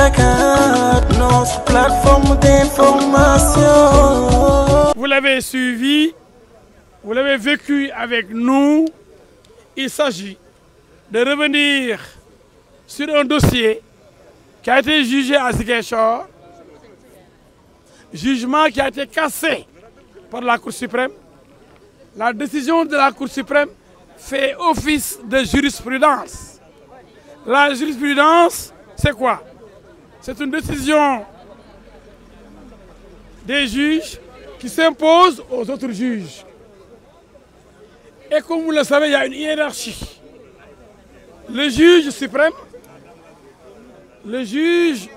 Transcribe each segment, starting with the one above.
Dakar, notre plateforme d'information. Vous l'avez suivi, vous l'avez vécu avec nous. Il s'agit de revenir sur un dossier qui a été jugé à Ziguinchor, jugement qui a été cassé par la Cour suprême. La décision de la Cour suprême fait office de jurisprudence. La jurisprudence, c'est quoi C'est une décision des juges qui s'impose aux autres juges. Et comme vous le savez, il y a une hiérarchie. Le juge suprême, le juge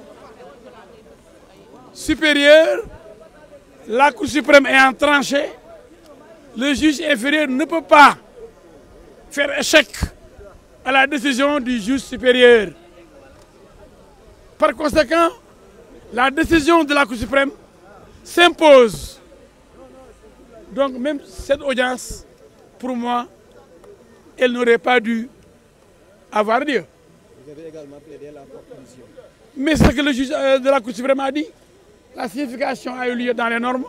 supérieur, la Cour suprême est en tranchée, le juge inférieur ne peut pas faire échec à la décision du juge supérieur. Par conséquent, la décision de la Cour suprême s'impose. Donc même cette audience, pour moi, elle n'aurait pas dû avoir lieu. Mais ce que le juge euh, de la Cour suprême a dit, la signification a eu lieu dans les normes.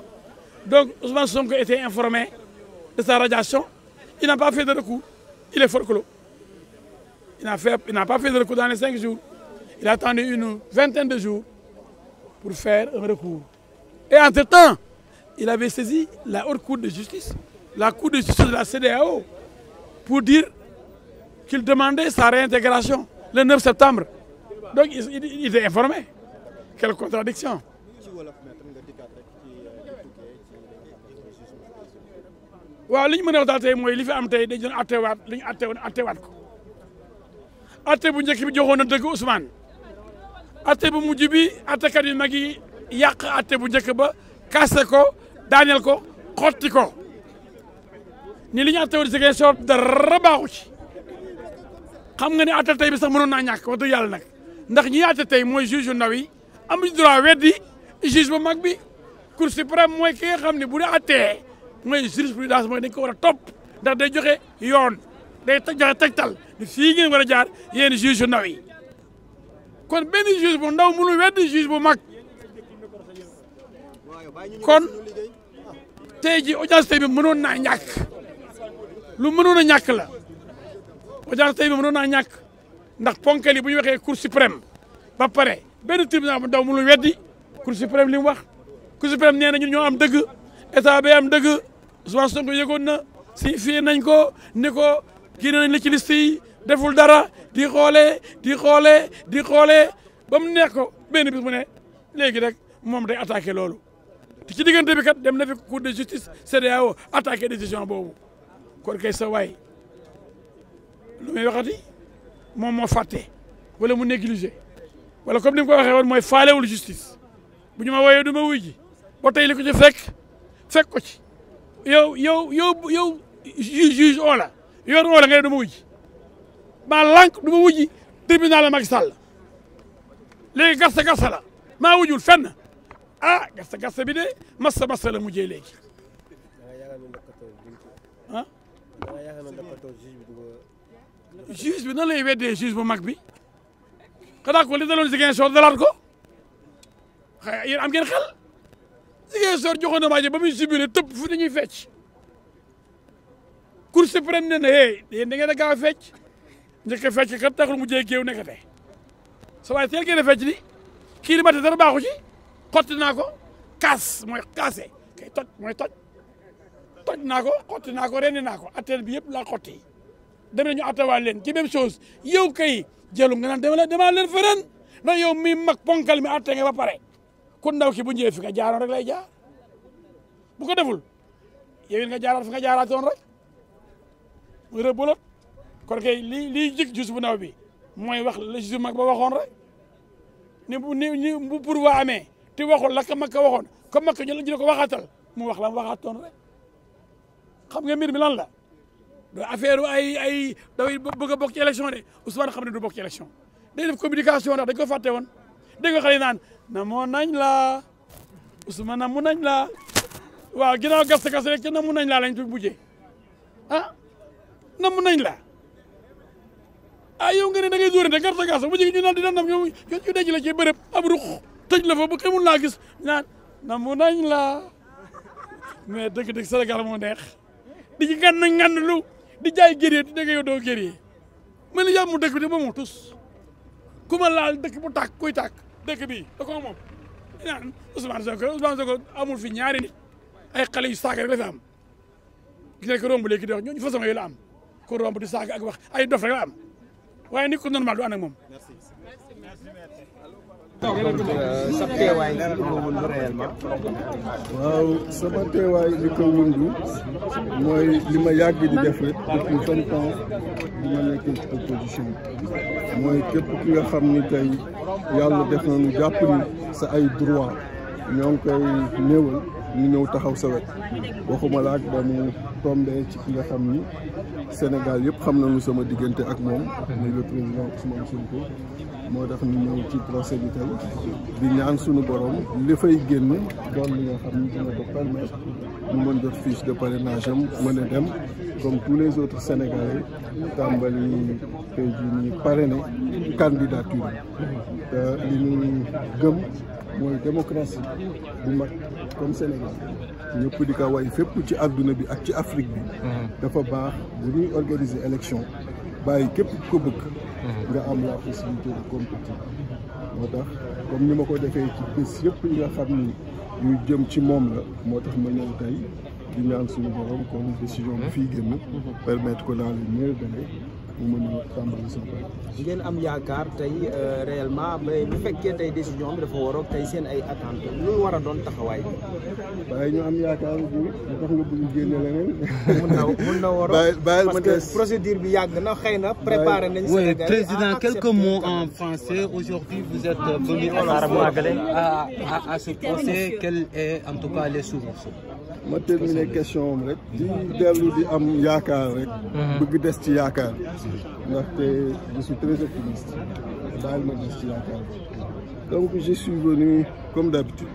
Donc Ousmane Sonko était informé de sa radiation. Il n'a pas fait de recours. Il est fort clos. Il n'a pas fait de recours dans les cinq jours. Il a attendu une vingtaine de jours pour faire un recours. Et entre il avait saisi la Haute Cour de justice, la Cour de justice de la CDAO, pour dire qu'il demandait sa réintégration le 9 septembre. Donc il, est informé. Quelle contradiction. waaw li ñu mën a wax tey mooy li fi am tey dañu doon attewaat li ñu attewoon attewaat ko atte bu njëkk bi joxoon na dëgg Ousmane atte bu mujj bi attekat yu mag yi yàq atte bu njëkk ba kase ko daaneel ko xotti ko ni li ñu atte woon Ziguinchor dara baaxu ci xam nga ni atte tey bi sax mënoon naa ñàkk wax dëgg yàlla nag ndax ñi atte tey mooy juge yu ndaw yi amuñu weddi juge bu mag bi cour suprême mooy ki nga xam ne bu dee attee mooy jurisprudence mooy dañ ko war a topp ndax day joxe yoon day joxe tegtal fii ngeen war a jaar yéen juge yu ndaw yi kon benn juge bu ndaw mënul weddi juge bu mag kon tey ji audience tey bi mënoon naa ñàkk lu mënoon a ñàkk la audience tey bi mënoon naa ñàkk ndax ponkali bu ñu waxee cour suprême ba pare benn tribunal bu ndaw mënul weddi cour suprême li mu wax cour suprême nee na ñun ñoo am dëgg état bi am dëgg Ousmane Sonko yëgoon na si fii nañ ko ni ko génne nañ la ci liste yi deful dara di xoolee di xoolee di xoolee ba mu nekk ko benn bis mu ne léegi rek moom day attaqué loolu te ci diggante bi kat dem na fi cour de justice CEDEAO attaqué décision boobu kon kay sa waay lu may waxati moom moo fàtte wala mu négligé wala comme ni ko waxee woon mooy faalewul justice bu ñu ma wooyee du ma wuy ji ba tey li ko ci fekk fekk ko ci yow yow yow yow juge oo la yoon oo la nga ne du ma wuy ji maa lànk du ma wujji tribunal Macky Sall léegi gasta gasta la maa wujjul fenn ah gasta gasta bi de massa massa la mujjee léegi ah juge bi na lay weddee juge bu mag bi xanaa ko li daloon Ziguinchor dalaat ko xëy yéen am ngeen xel Ziguinchor joxoon na maaje ba mu jubilé tëpp fu dañuy fecc Cour suprême ne na hey yéen da ngeen a gaaw a fecc njëkk a fecc kat taxul mu jéggi gew nekkate sa waay teel ngeen a fecc di kii li ma te dara baaxu naa ko kaas mooy kaase kay toj mooy toj toj naa ko xotti naa ko rendi naa ko attel bi yëpp laa xotti dem nañu attewaat leen ci même chose yow kay jëlu nga naan demal demal leen feneen ndax yow mi mag ponkal mi atte ba pare ku ndaw ki bu ñëwee fi nga jaaroon rek lay jaar bu ko deful yow it nga jaaraat fi nga jaaraatoon rek muy rëbb kon kay li lii jik juus bu ndaw bi mooy wax la juus mag waxoon rek ni bu ni bu pour waa amee te waxul la ka waxoon comme mag ka ñu la ko waxaatal mu wax la mu waxaatoon rek xam nga mbir mi lan la do affaire ay ay daway bëgg a bokk ci élection de Ousmane xam ne du bokk ci élection day def communication ndax dañ ko fàtte woon dégg nga xale naan na moo nañ la Ousmane na mu nañ la waaw ginnaaw gas gas rek ca na mu nañ laa lañ fi mujjee ah na mu nañ laa ah yow nga ne da ngay dóorante garta gaasa bu jigi ñu naan di naan nam ñoom la ci bërëb ab ruq laa gis naan namu nañ la mais dëgg-dëgg Sénégal moo neex di ci ngànn ngànn lu di jaay gérée di dégg yow doo ni yàmmu dëkk bi ba mu tus ku ma laal dëkk bu tàkk kuy tàkk bi da ko moom amul fi ñaari ay xale yu saaga la fi am gis nga ko romb léegi di ñooñu façon yooyu la am ko romb di saaga ak ay dof rek la am waaye nit ku normal du ànd ak moom. sa teewaay li teewaay li ko wundu mooy li ma yàgg di def rek depuis vingt ans ma nekk ci mooy képp ki nga xam ni tey yàlla def nu jàpp ni sa ay droit ñoo ngi koy néewal. ñu ñëw taxaw sa wet waxuma la ak ba mu tombé ci ki nga xam ni Sénégal yëpp xam na nañu sama diggante ak moom muy le président Ousmane Sonko moo tax ñu ñëw ci procès bi tey di ñaan suñu borom li fay génn doon li nga xam ni dina ko permettre ñu mën jot fiche de parrainage am mën a dem comme tous les autres Sénégalais tàmbali tey jii ñuy parrainé candidature te li ñuy gëm mooy démocratie bu mag comme Sénégal ñëpp di ko way fépp ci àdduna bi ak ci Afrique bi mm-hmm. dafa baax bu ñuy organiser élection bàyyi képp ko bëgg mm-hmm. nga am la possibilité de compétir moo tax comme ni ma ko defee ci bés yëpp yi nga xam ni yu jëm ci moom la moo tax ma ñëw tey di ñaan suñu borom comme décision bi mm-hmm. fiy génn permettre ko dans les meilleurs délais mu mën a tàmbali seen ngeen am yaakaar tey euh, réellement mais bu fekkee tey décision bi dafa waroon tey seen ay attentes lu war a doon taxawaay bi. waaye ñu am yaakaar bu tax nga bëgg génne leneen. mun na mun na waroon parce que procédure bi yàgg na xëy na préparé nañu. Sénégalais oui président quelques mots en français aujourd'hui vous êtes ah, venu à à à ce procès quel est en tout cas les sources. ma terminer question rek di dellu di am yaakaar rek mhm. bëgg des ci yaakaar ndaxte je suis très optimiste daal ma des ci yaakaar donc je suis venu comme d'habitude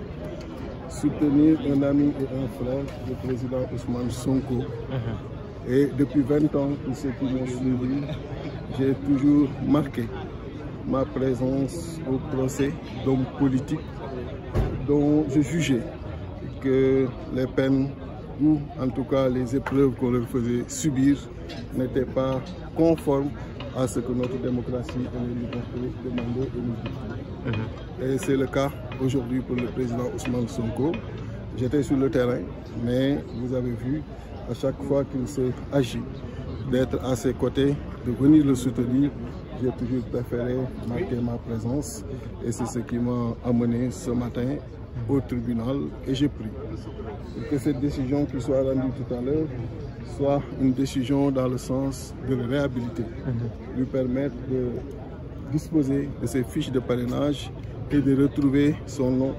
soutenir un ami et un frère le président Ousmane Sonko mhm. et depuis vingt ans pour ceux qui ma présence au procès d'hommes politiques dont je jugeais que les peines ou en tout cas les épreuves qu'on leur faisait subir n'étaient pas conformes à ce que notre démocratie et les libertés demandaient et nous disaient. Et c'est le cas aujourd'hui pour le président Ousmane Sonko. J'étais sur le terrain, mais vous avez vu à chaque fois qu'il s'est agi d'être à ses côtés, de venir le soutenir, j'ai toujours préféré marquer ma présence et c'est ce qui m'a amené ce matin au tribunal et j'ai pris. Que cette décision qui soit rendue tout à l'heure soit une décision dans le sens de le réhabiliter, mhm. lui permettre de disposer de ses fiches de parrainage et de retrouver son nom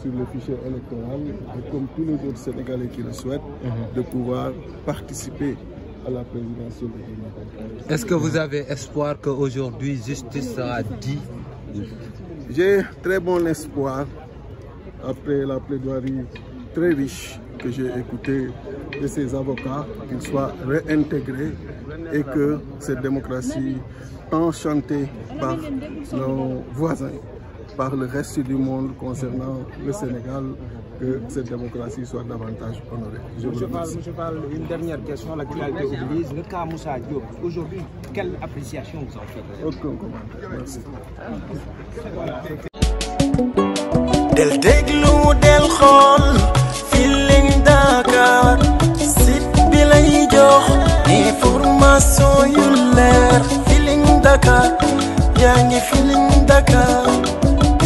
sur le fichier électoral et comme tous les autres Sénégalais qui le souhaitent, mhm. de pouvoir participer à la présidence. Est-ce que vous avez espoir qu'aujourd'hui justice sera dite? J'ai très bon espoir après la plaidoirie très riche que j'ai écoutée de ces avocats, qu'ils soient réintégrés et que cette démocratie enchantée par nos voisins par le reste du monde concernant le Sénégal que cette démocratie soit davantage honorée. Je vous remercie. quelle appréciation vous en faites Aucun commentaire. Merci. Del déglu del xool Feeling Dakar site bi lay jox information yu leer Feeling Dakar yaa ngi Feeling Dakar